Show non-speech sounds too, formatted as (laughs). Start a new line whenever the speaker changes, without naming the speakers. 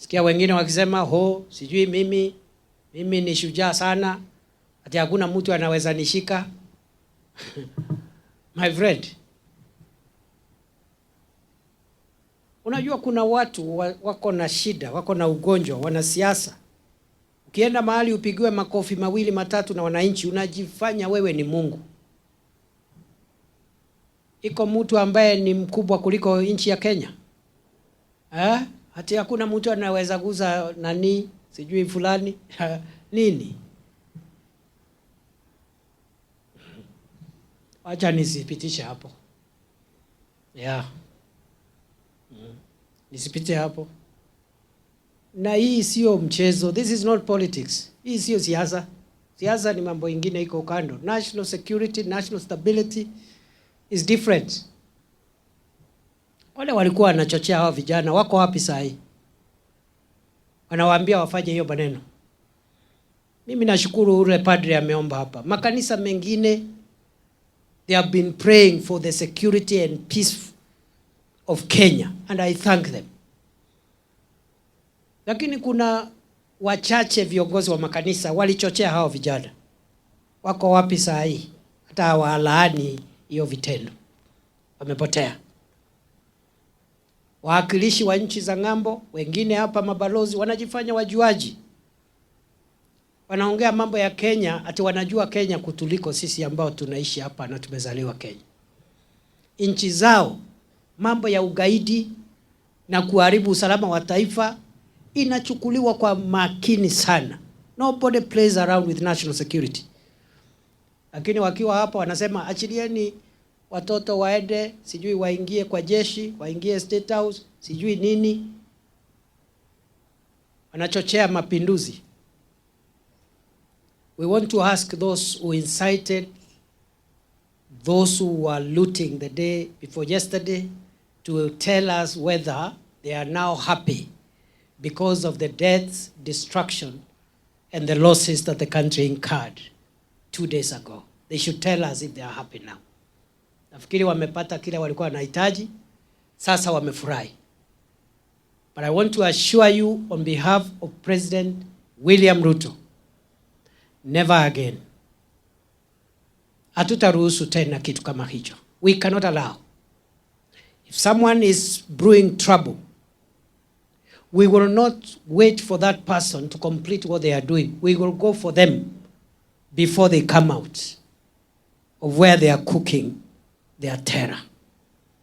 Sikia wengine wakisema ho, sijui mimi mimi ni shujaa sana, ati hakuna mtu anaweza nishika. (laughs) My friend, unajua kuna watu wako na shida, wako na ugonjwa, wanasiasa. Ukienda mahali upigiwe makofi mawili matatu na wananchi, unajifanya wewe ni Mungu. Iko mtu ambaye ni mkubwa kuliko nchi ya Kenya eh? Hati hakuna mtu anaweza kuza nani sijui fulani (laughs) nini. Acha nisipitishe hapo yeah. Mm. Nisipite hapo na hii sio mchezo. This is not politics. Hii sio siasa. Siasa ni mambo ingine iko kando. National security, national stability is different wale walikuwa wanachochea hao vijana wako wapi sahii hii? Wanawaambia wafanye hiyo maneno. Mimi nashukuru ule padre ameomba hapa. Makanisa mengine they have been praying for the security and peace of Kenya and I thank them. Lakini kuna wachache viongozi wa makanisa walichochea hao vijana. Wako wapi sahii Hata hawalaani hiyo vitendo. Wamepotea wawakilishi wa nchi za ng'ambo, wengine hapa mabalozi wanajifanya wajuaji, wanaongea mambo ya Kenya, ati wanajua Kenya kutuliko sisi ambao tunaishi hapa na tumezaliwa Kenya. Nchi zao mambo ya ugaidi na kuharibu usalama wa taifa inachukuliwa kwa makini sana. Nobody plays around with national security, lakini wakiwa hapa wanasema achilieni watoto waende sijui waingie kwa jeshi, waingie State House, sijui nini, wanachochea mapinduzi. We want to ask those who incited those who were looting the day before yesterday to tell us whether they are now happy because of the death destruction and the losses that the country incurred two days ago. They should tell us if they are happy now. Nafikiri wamepata kile walikuwa wanahitaji, sasa wamefurahi. But I want to assure you on behalf of President William Ruto, never again. Hatutaruhusu tena kitu kama hicho. We cannot allow. If someone is brewing trouble, we will not wait for that person to complete what they are doing. We will go for them before they come out of where they are cooking their terror.